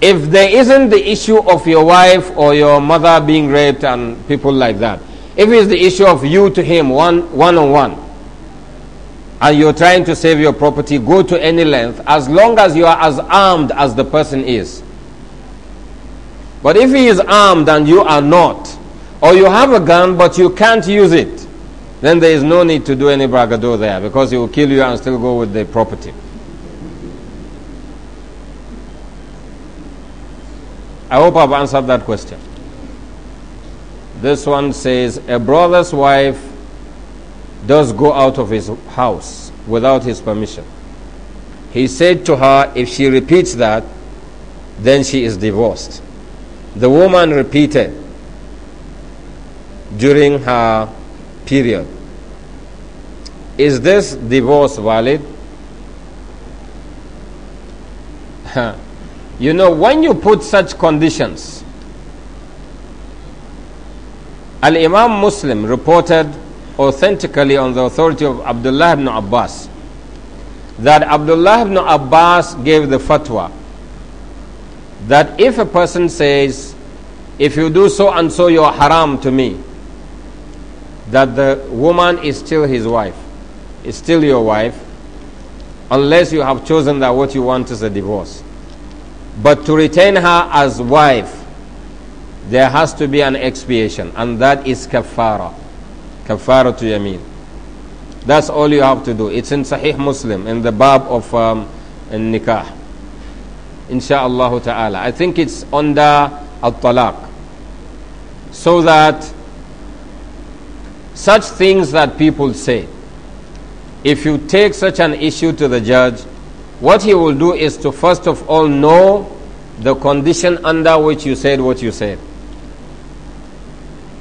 If there isn't the issue of your wife or your mother being raped and people like that, if it's the issue of you to him one, one on one, and you're trying to save your property, go to any length as long as you are as armed as the person is but if he is armed and you are not, or you have a gun but you can't use it, then there is no need to do any bragado there because he will kill you and still go with the property. I hope I've answered that question. This one says a brother's wife does go out of his house without his permission. He said to her, if she repeats that, then she is divorced. The woman repeated during her period. Is this divorce valid? you know, when you put such conditions, Al Imam Muslim reported authentically on the authority of Abdullah ibn Abbas that Abdullah ibn Abbas gave the fatwa that if a person says, if you do so and so, you're haram to me, that the woman is still his wife, is still your wife, unless you have chosen that what you want is a divorce. But to retain her as wife, there has to be an expiation, and that is kafara. Kafara to yameen. That's all you have to do. It's in Sahih Muslim, in the Bab of um, in Nikah insha'Allah ta'ala. I think it's under al-talaq. So that such things that people say, if you take such an issue to the judge, what he will do is to first of all know the condition under which you said what you said.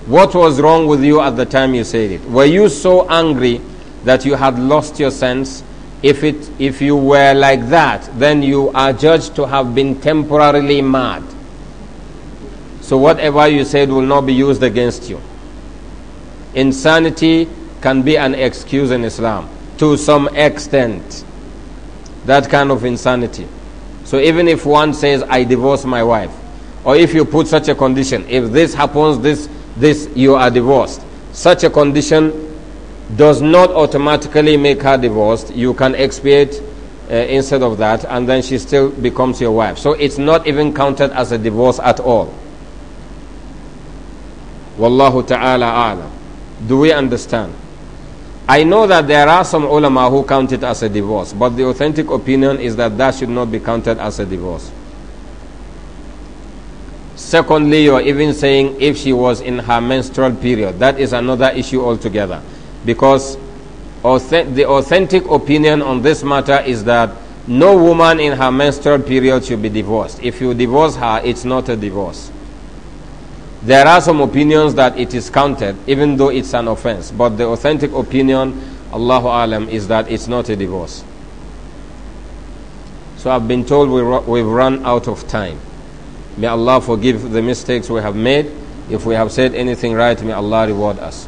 What was wrong with you at the time you said it? Were you so angry that you had lost your sense? If, it, if you were like that, then you are judged to have been temporarily mad. So whatever you said will not be used against you. Insanity can be an excuse in Islam to some extent. That kind of insanity. So even if one says, I divorce my wife, or if you put such a condition, if this happens, this, this, you are divorced. Such a condition does not automatically make her divorced. You can expiate uh, instead of that, and then she still becomes your wife. So it's not even counted as a divorce at all. Wallahu ta'ala alam. Do we understand? I know that there are some ulama who count it as a divorce, but the authentic opinion is that that should not be counted as a divorce. Secondly, you're even saying if she was in her menstrual period, that is another issue altogether because the authentic opinion on this matter is that no woman in her menstrual period should be divorced. If you divorce her, it's not a divorce. There are some opinions that it is counted, even though it's an offense. But the authentic opinion, Allahu Alam, is that it's not a divorce. So I've been told we have run out of time. May Allah forgive the mistakes we have made. If we have said anything right, may Allah reward us.